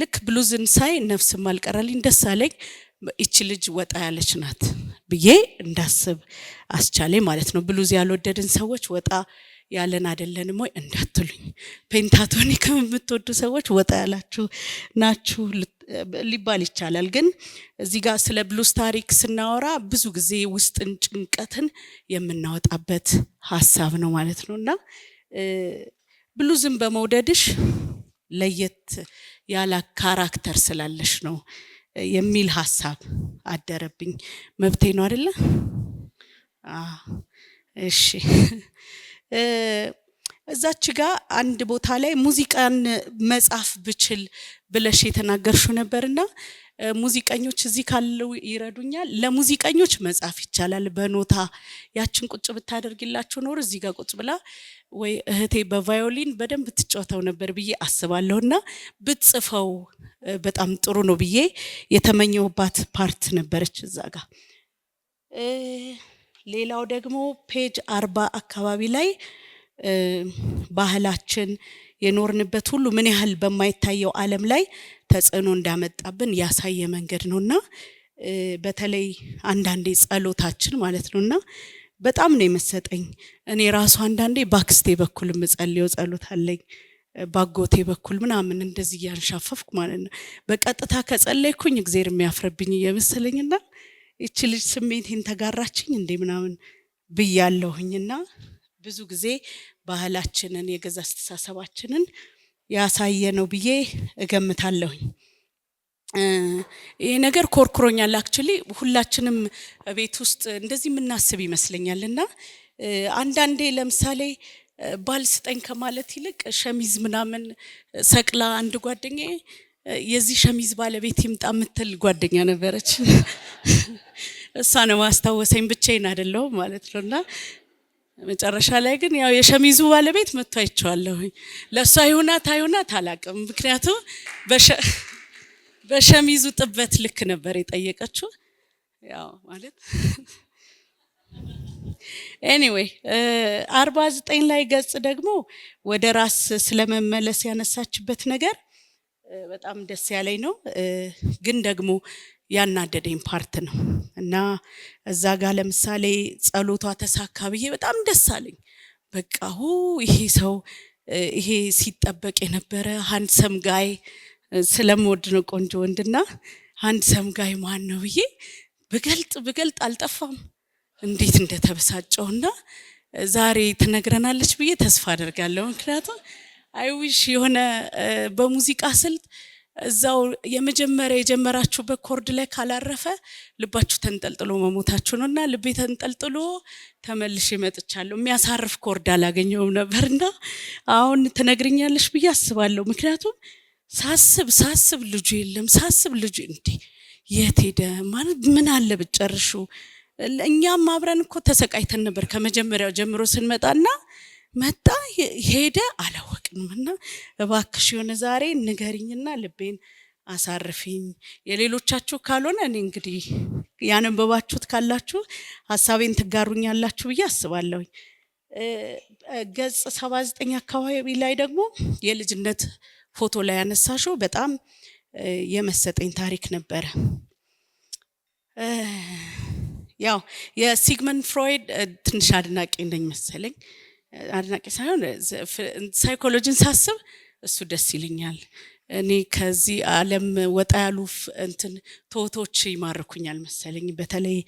ልክ ብሉዝን ሳይ ነፍስም አልቀረልኝ ደስ አለኝ። ይቺ ልጅ ወጣ ያለች ናት ብዬ እንዳስብ አስቻለኝ ማለት ነው። ብሉዝ ያልወደድን ሰዎች ወጣ ያለን አይደለንም ወይ እንዳትሉኝ። ፔንታቶኒክ የምትወዱ ሰዎች ወጣ ያላችሁ ናችሁ ሊባል ይቻላል። ግን እዚህ ጋር ስለ ብሉዝ ታሪክ ስናወራ ብዙ ጊዜ ውስጥን ጭንቀትን የምናወጣበት ሀሳብ ነው ማለት ነው እና ብሉዝን በመውደድሽ ለየት ያለ ካራክተር ስላለሽ ነው የሚል ሀሳብ አደረብኝ። መብቴ ነው አደለ? እሺ። እዛች ጋር አንድ ቦታ ላይ ሙዚቃን መጻፍ ብችል ብለሽ የተናገርሽው ነበርና ሙዚቀኞች እዚህ ካለው ይረዱኛል። ለሙዚቀኞች መጻፍ ይቻላል በኖታ ያችን ቁጭ ብታደርግላቸው ኖር እዚህ ጋር ቁጭ ብላ ወይ እህቴ በቫዮሊን በደንብ ትጫወተው ነበር ብዬ አስባለሁ እና ብትጽፈው በጣም ጥሩ ነው ብዬ የተመኘውባት ፓርት ነበረች እዛ ጋር። ሌላው ደግሞ ፔጅ አርባ አካባቢ ላይ ባህላችን የኖርንበት ሁሉ ምን ያህል በማይታየው ዓለም ላይ ተጽዕኖ እንዳመጣብን ያሳየ መንገድ ነውና በተለይ አንዳንዴ ጸሎታችን ማለት ነውና በጣም ነው የመሰጠኝ። እኔ ራሱ አንዳንዴ ባክስቴ በኩል የምጸልየው ጸሎት አለኝ ባጎቴ በኩል ምናምን እንደዚህ እያንሻፈፍኩ ማለት ነው። በቀጥታ ከጸለይኩኝ እግዜር የሚያፍርብኝ እየመሰለኝና ይቺ ልጅ ስሜቴን ተጋራችኝ እንዴ ምናምን ብያለሁኝና ብዙ ጊዜ ባህላችንን የገዛ አስተሳሰባችንን ያሳየ ነው ብዬ እገምታለሁኝ። ይህ ነገር ኮርኩሮኛል። አክቹሊ ሁላችንም ቤት ውስጥ እንደዚህ የምናስብ ይመስለኛል። እና አንዳንዴ ለምሳሌ ባል ስጠኝ ከማለት ይልቅ ሸሚዝ ምናምን ሰቅላ አንድ ጓደኛ የዚህ ሸሚዝ ባለቤት ይምጣ የምትል ጓደኛ ነበረች። እሷ ነው ማስታወሰኝ። ብቻዬን አደለውም ማለት ነው እና መጨረሻ ላይ ግን ያው የሸሚዙ ባለቤት መጥቶ አይቼዋለሁኝ። ለእሷ ይሁናት አይሁናት አላቅም። ምክንያቱም በሸሚዙ ጥበት ልክ ነበር የጠየቀችው። ያው ማለት ኤኒዌይ አርባ ዘጠኝ ላይ ገጽ ደግሞ ወደ ራስ ስለመመለስ ያነሳችበት ነገር በጣም ደስ ያለኝ ነው። ግን ደግሞ ያናደደኝ ፓርት ነው እና እዛ ጋር ለምሳሌ ጸሎቷ ተሳካ ብዬ በጣም ደስ አለኝ። በቃ ሁ ይሄ ሰው ይሄ ሲጠበቅ የነበረ ሀንሰም ጋይ ስለምወድ ነው ቆንጆ ወንድና ሀንሰም ጋይ ማን ነው ብዬ ብገልጥ ብገልጥ አልጠፋም። እንዴት እንደተበሳጨውና ዛሬ ትነግረናለች ብዬ ተስፋ አደርጋለሁ። ምክንያቱም አይዊሽ የሆነ በሙዚቃ ስልት እዛው የመጀመሪያ የጀመራችሁበት ኮርድ ላይ ካላረፈ ልባችሁ ተንጠልጥሎ መሞታችሁ ነው። እና ልቤ ተንጠልጥሎ ተመልሼ መጥቻለሁ። የሚያሳርፍ ኮርድ አላገኘውም እና አሁን ትነግርኛለሽ ብዬ አስባለሁ። ምክንያቱም ሳስብ ሳስብ ልጁ የለም ሳስብ ልጁ እንዴ የት ሄደ ማለት ምን አለ ብጨርሹ። እኛም አብረን እኮ ተሰቃይተን ነበር ከመጀመሪያው ጀምሮ ስንመጣና መጣ ሄደ፣ አላወቅንም። እና እባክሽ የሆነ ዛሬ ንገሪኝና ልቤን አሳርፊኝ። የሌሎቻችሁ ካልሆነ እኔ እንግዲህ ያነበባችሁት ካላችሁ ሀሳቤን ትጋሩኛላችሁ ብዬ አስባለሁኝ። ገጽ ሰባ ዘጠኝ አካባቢ ላይ ደግሞ የልጅነት ፎቶ ላይ ያነሳሽው በጣም የመሰጠኝ ታሪክ ነበረ። ያው የሲግመንድ ፍሮይድ ትንሽ አድናቂ እንደኝ መሰለኝ። አድናቂ ሳይሆን ሳይኮሎጂን ሳስብ እሱ ደስ ይለኛል። እኔ ከዚህ ዓለም ወጣ ያሉ እንትን ቶቶች ይማርኩኛል መሰለኝ በተለይ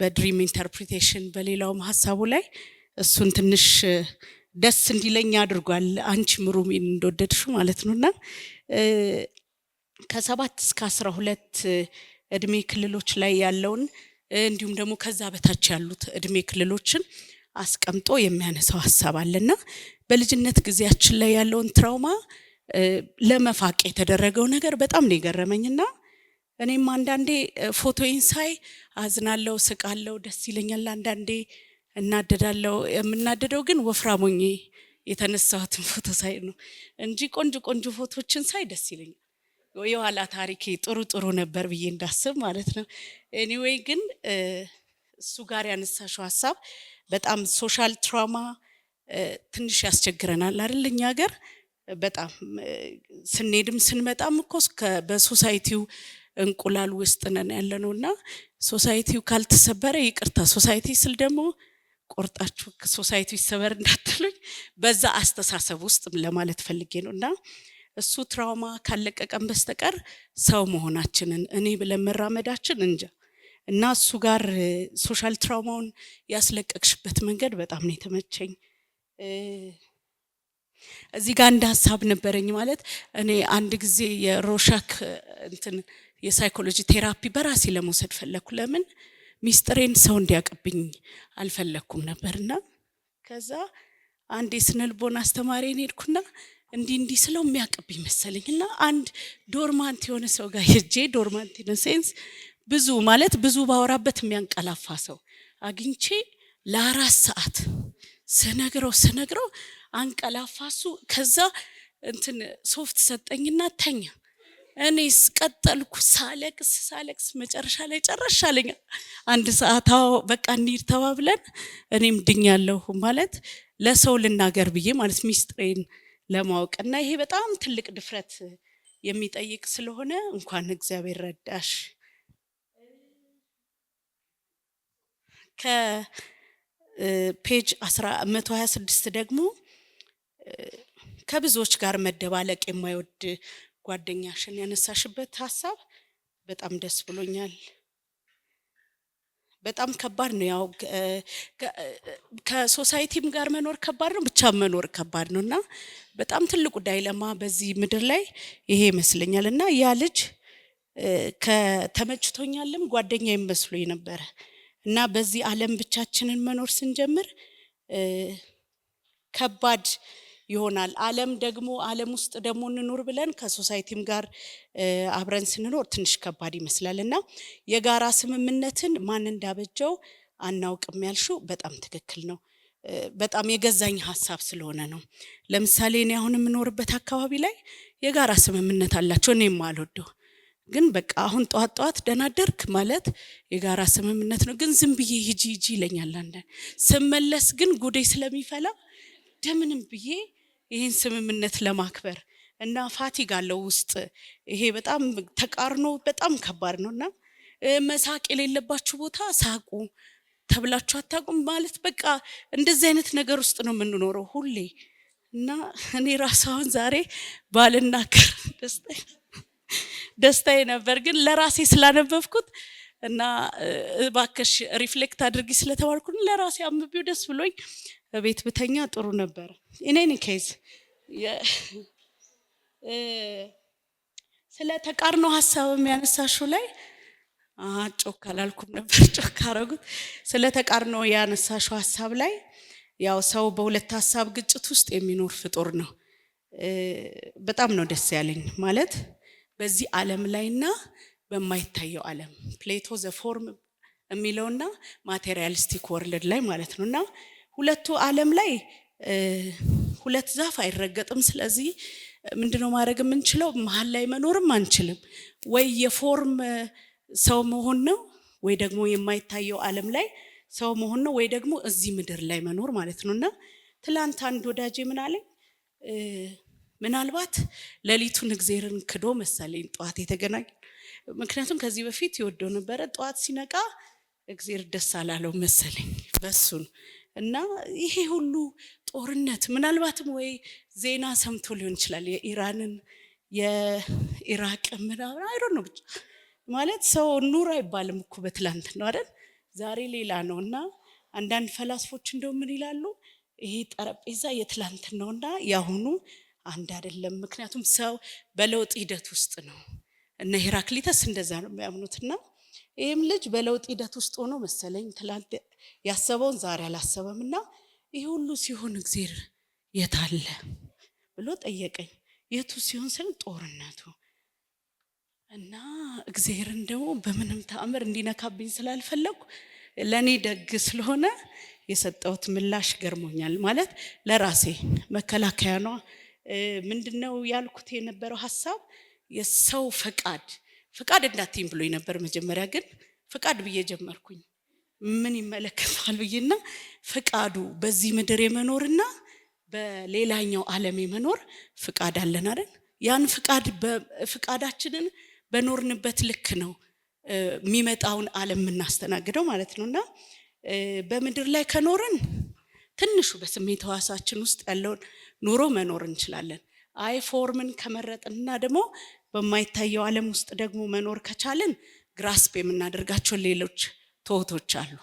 በድሪም ኢንተርፕሪቴሽን በሌላውም ሀሳቡ ላይ እሱን ትንሽ ደስ እንዲለኝ አድርጓል። አንቺ ሩሚን እንደወደድሽው ማለት ነው እና ከሰባት እስከ አስራ ሁለት እድሜ ክልሎች ላይ ያለውን እንዲሁም ደግሞ ከዛ በታች ያሉት እድሜ ክልሎችን አስቀምጦ የሚያነሳው ሀሳብ አለና በልጅነት ጊዜያችን ላይ ያለውን ትራውማ ለመፋቅ የተደረገው ነገር በጣም ነው የገረመኝና እኔም አንዳንዴ ፎቶዬን ሳይ አዝናለው፣ ስቃለው፣ ደስ ይለኛል። አንዳንዴ እናደዳለው። የምናደደው ግን ወፍራም የተነሳሁትን ፎቶ ሳይ ነው እንጂ ቆንጆ ቆንጆ ፎቶችን ሳይ ደስ ይለኛል። የኋላ ታሪኬ ጥሩ ጥሩ ነበር ብዬ እንዳስብ ማለት ነው። ኤኒዌይ ግን እሱ ጋር ያነሳሽው ሀሳብ በጣም ሶሻል ትራውማ ትንሽ ያስቸግረናል አይደል? እኛ ሀገር በጣም ስንሄድም ስንመጣም እኮ በሶሳይቲው እንቁላል ውስጥ ነን ያለ ነው እና ሶሳይቲው ካልተሰበረ ይቅርታ፣ ሶሳይቲ ስል ደግሞ ቆርጣችሁ ሶሳይቲው ይሰበር እንዳትሉኝ በዛ አስተሳሰብ ውስጥ ለማለት ፈልጌ ነው እና እሱ ትራውማ ካለቀቀን በስተቀር ሰው መሆናችንን እኔ ብለን መራመዳችን እንጃ እና እሱ ጋር ሶሻል ትራውማውን ያስለቀቅሽበት መንገድ በጣም ነው የተመቸኝ። እዚህ ጋር እንደ ሀሳብ ነበረኝ ማለት እኔ አንድ ጊዜ የሮሻክ እንትን የሳይኮሎጂ ቴራፒ በራሴ ለመውሰድ ፈለግኩ። ለምን ሚስጥሬን ሰው እንዲያውቅብኝ አልፈለግኩም ነበርና ከዛ አንድ የስነልቦና አስተማሪን ሄድኩና እንዲህ እንዲህ ስለው የሚያውቅብኝ መሰለኝ እና አንድ ዶርማንት የሆነ ሰው ጋር ሄጄ ዶርማንት ኢን ብዙ ማለት ብዙ ባወራበት የሚያንቀላፋ ሰው አግኝቼ ለአራት ሰዓት ስነግረው ስነግረው አንቀላፋ። ከዛ እንትን ሶፍት ሰጠኝና ተኛ። እኔስ ቀጠልኩ ሳለቅስ ሳለቅስ መጨረሻ ላይ ጨረሻ አንድ ሰዓት በቃ እንሂድ ተባብለን እኔም ድኛለሁ ማለት ለሰው ልናገር ብዬ ማለት ሚስጥሬን ለማወቅ እና ይሄ በጣም ትልቅ ድፍረት የሚጠይቅ ስለሆነ እንኳን እግዚአብሔር ረዳሽ። ከፔጅ 126 ደግሞ ከብዙዎች ጋር መደባለቅ የማይወድ ጓደኛሽን ያነሳሽበት ሀሳብ በጣም ደስ ብሎኛል። በጣም ከባድ ነው። ያው ከሶሳይቲም ጋር መኖር ከባድ ነው፣ ብቻ መኖር ከባድ ነው እና በጣም ትልቁ ዳይለማ በዚህ ምድር ላይ ይሄ ይመስለኛል እና ያ ልጅ ከተመችቶኛልም ጓደኛ ይመስሉኝ ነበረ። እና በዚህ ዓለም ብቻችንን መኖር ስንጀምር ከባድ ይሆናል። ዓለም ደግሞ ዓለም ውስጥ ደግሞ እንኖር ብለን ከሶሳይቲም ጋር አብረን ስንኖር ትንሽ ከባድ ይመስላል እና የጋራ ስምምነትን ማን እንዳበጀው አናውቅም ያልሹ በጣም ትክክል ነው። በጣም የገዛኝ ሀሳብ ስለሆነ ነው። ለምሳሌ እኔ አሁን የምኖርበት አካባቢ ላይ የጋራ ስምምነት አላቸው። እኔም አልወደው ግን በቃ አሁን ጠዋት ጠዋት ደናደርክ ማለት የጋራ ስምምነት ነው። ግን ዝም ብዬ ሂጂ ሂጂ ይለኛል። አንደ ስመለስ ግን ጉዴ ስለሚፈላ ደምንም ብዬ ይህን ስምምነት ለማክበር እና ፋቲግ አለው ውስጥ ይሄ በጣም ተቃርኖ በጣም ከባድ ነው እና መሳቅ የሌለባችሁ ቦታ ሳቁ ተብላችሁ አታቁም ማለት በቃ እንደዚህ አይነት ነገር ውስጥ ነው የምንኖረው ሁሌ እና እኔ ራሳሁን አሁን ዛሬ ባልና ደስተኛ ደስታዬ ነበር። ግን ለራሴ ስላነበብኩት እና ባከሽ ሪፍሌክት አድርጊ ስለተባልኩ ለራሴ አንብቤው ደስ ብሎኝ ቤት ብተኛ ጥሩ ነበረ። ኢኔኒ ኬዝ ስለ ተቃርኖ ሀሳብ የሚያነሳሹ ላይ ጮክ አላልኩም ነበር፣ ጮክ አረጉት። ስለ ተቃርኖ ያነሳሹ ሀሳብ ላይ ያው ሰው በሁለት ሀሳብ ግጭት ውስጥ የሚኖር ፍጡር ነው። በጣም ነው ደስ ያለኝ ማለት በዚህ ዓለም ላይና በማይታየው ዓለም ፕሌቶ ዘፎርም የሚለውና ማቴሪያሊስቲክ ወርልድ ላይ ማለት ነው። እና ሁለቱ ዓለም ላይ ሁለት ዛፍ አይረገጥም። ስለዚህ ምንድነው ማድረግ የምንችለው? መሀል ላይ መኖርም አንችልም። ወይ የፎርም ሰው መሆን ነው፣ ወይ ደግሞ የማይታየው ዓለም ላይ ሰው መሆን ነው፣ ወይ ደግሞ እዚህ ምድር ላይ መኖር ማለት ነው። እና ትላንት አንድ ወዳጅ ምን አለኝ ምናልባት ሌሊቱን እግዜርን ክዶ መሰለኝ ጠዋት የተገናኝ ምክንያቱም ከዚህ በፊት የወደው ነበረ። ጠዋት ሲነቃ እግዜር ደስ አላለው መሰለኝ በሱን እና ይሄ ሁሉ ጦርነት ምናልባትም ወይ ዜና ሰምቶ ሊሆን ይችላል የኢራንን የኢራቅ ምናምን አይሮ ነው ብቻ ማለት ሰው ኑር አይባልም እኮ በትላንት ነው አይደል? ዛሬ ሌላ ነው እና አንዳንድ ፈላስፎች እንደው ምን ይላሉ ይሄ ጠረጴዛ የትላንት ነው እና የአሁኑ አንድ አይደለም። ምክንያቱም ሰው በለውጥ ሂደት ውስጥ ነው። እነ ሄራክሊተስ እንደዛ ነው የሚያምኑትና ይህም ልጅ በለውጥ ሂደት ውስጥ ሆኖ መሰለኝ ትላንት ያሰበውን ዛሬ አላሰበም እና ይህ ሁሉ ሲሆን እግዜር የት አለ ብሎ ጠየቀኝ። የቱ ሲሆን ስል ጦርነቱ እና እግዜርን ደግሞ በምንም ተአምር እንዲነካብኝ ስላልፈለግኩ ለእኔ ደግ ስለሆነ የሰጠሁት ምላሽ ገርሞኛል። ማለት ለራሴ መከላከያ ነው። ምንድነው ያልኩት የነበረው ሀሳብ የሰው ፈቃድ ፈቃድ እንዳትይም ብሎ ነበር። መጀመሪያ ግን ፈቃድ ብዬ ጀመርኩኝ። ምን ይመለከታል ብዬና ፈቃዱ በዚህ ምድር የመኖርና በሌላኛው ዓለም የመኖር ፍቃድ አለን አይደል? ያን ፍቃድ ፍቃዳችንን በኖርንበት ልክ ነው የሚመጣውን ዓለም የምናስተናግደው ማለት ነው። እና በምድር ላይ ከኖርን ትንሹ በስሜት ህዋሳችን ውስጥ ያለውን ኑሮ መኖር እንችላለን። አይ ፎርምን ከመረጥንና ደግሞ በማይታየው ዓለም ውስጥ ደግሞ መኖር ከቻልን ግራስፕ የምናደርጋቸው ሌሎች ትሁቶች አሉ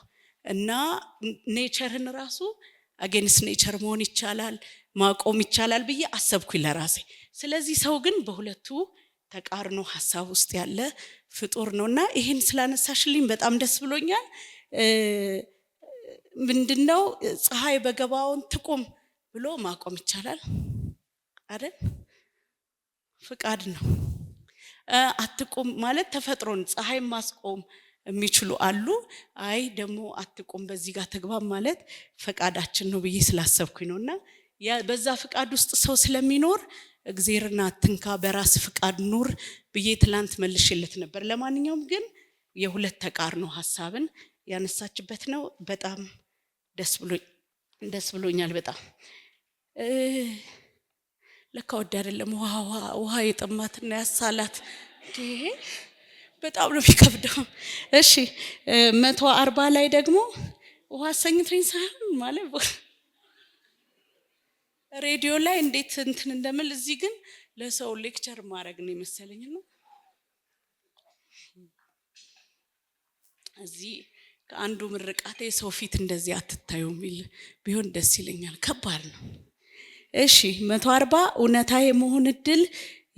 እና ኔቸርን ራሱ አጌንስ ኔቸር መሆን ይቻላል ማቆም ይቻላል ብዬ አሰብኩኝ ለራሴ። ስለዚህ ሰው ግን በሁለቱ ተቃርኖ ሀሳብ ውስጥ ያለ ፍጡር ነው እና ይህን ስላነሳሽልኝ በጣም ደስ ብሎኛል። ምንድነው ፀሐይ በገባውን ትቁም ብሎ ማቆም ይቻላል አይደል? ፍቃድ ነው። አትቁም ማለት ተፈጥሮን ፀሐይን ማስቆም የሚችሉ አሉ። አይ ደግሞ አትቁም በዚህ ጋር ተግባብ ማለት ፈቃዳችን ነው ብዬ ስላሰብኩኝ ነው። እና በዛ ፍቃድ ውስጥ ሰው ስለሚኖር እግዜርና አትንካ በራስ ፍቃድ ኑር ብዬ ትላንት መልሽለት ነበር። ለማንኛውም ግን የሁለት ተቃርኖ ሀሳብን ያነሳችበት ነው። በጣም ደስ ብሎኛል በጣም ለካ ወድ አይደለም ውሃ ውሃ የጠማትና ያሳላት በጣም ነው የሚከብደው። እሺ መቶ አርባ ላይ ደግሞ ውሃ አሰኝተኝ ሳይሆን ማለት ሬዲዮ ላይ እንዴት እንትን እንደምል እዚህ ግን ለሰው ሌክቸር ማድረግ ነው የመሰለኝ ነው። እዚህ ከአንዱ ምርቃት የሰው ፊት እንደዚህ አትታዩ የሚል ቢሆን ደስ ይለኛል። ከባድ ነው። እሺ መቶ አርባ እውነታ የመሆን እድል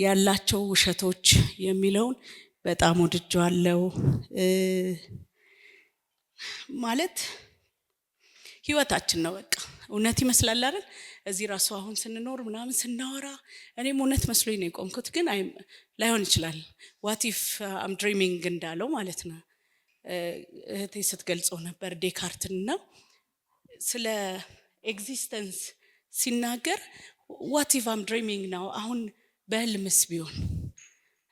ያላቸው ውሸቶች የሚለውን በጣም ወድጃለሁ። ማለት ህይወታችን ነው በቃ እውነት ይመስላል አይደል? እዚህ ራሱ አሁን ስንኖር ምናምን ስናወራ እኔም እውነት መስሎኝ ነው የቆምኩት፣ ግን ላይሆን ይችላል። ዋት ኢፍ አም ድሪሚንግ እንዳለው ማለት ነው። እህቴ ስትገልጸው ነበር ዴካርትን ስለ ኤግዚስተንስ ሲናገር ዋቲቭ አም ድሪሚንግ ነው። አሁን በህልምስ ቢሆን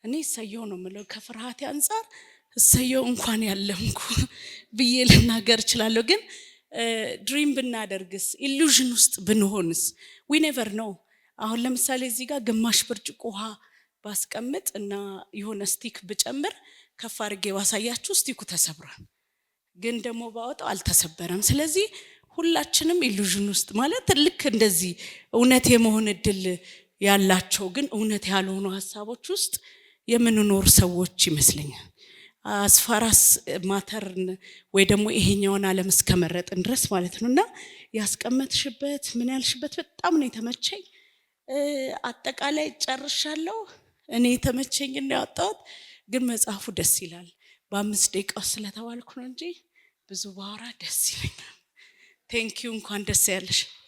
እኔ እሰየው ነው የምለው። ከፍርሃቴ አንጻር እሰየው እንኳን ያለምኩ ብዬ ልናገር እችላለሁ። ግን ድሪም ብናደርግስ ኢሉዥን ውስጥ ብንሆንስ ዊ ኔቨር ነው። አሁን ለምሳሌ እዚህ ጋር ግማሽ ብርጭቆ ውሃ ባስቀምጥ እና የሆነ ስቲክ ብጨምር ከፍ አድርጌ ባሳያችሁ ስቲኩ ተሰብሯል፣ ግን ደግሞ ባወጣው አልተሰበረም። ስለዚህ ሁላችንም ኢሉዥን ውስጥ ማለት ልክ እንደዚህ እውነት የመሆን እድል ያላቸው ግን እውነት ያልሆኑ ሀሳቦች ውስጥ የምንኖር ሰዎች ይመስለኛል። አስፋራስ ማተርን ወይ ደግሞ ይሄኛውን ዓለም እስከመረጥን ድረስ ማለት ነው። እና ያስቀመጥሽበት ምን ያልሽበት በጣም ነው የተመቸኝ። አጠቃላይ ጨርሻለሁ። እኔ የተመቸኝ እና ያወጣሁት ግን መጽሐፉ ደስ ይላል። በአምስት ደቂቃ ስለተባልኩ ነው እንጂ ብዙ ባወራ ደስ ይለኛል። thank you, um, quantas elas.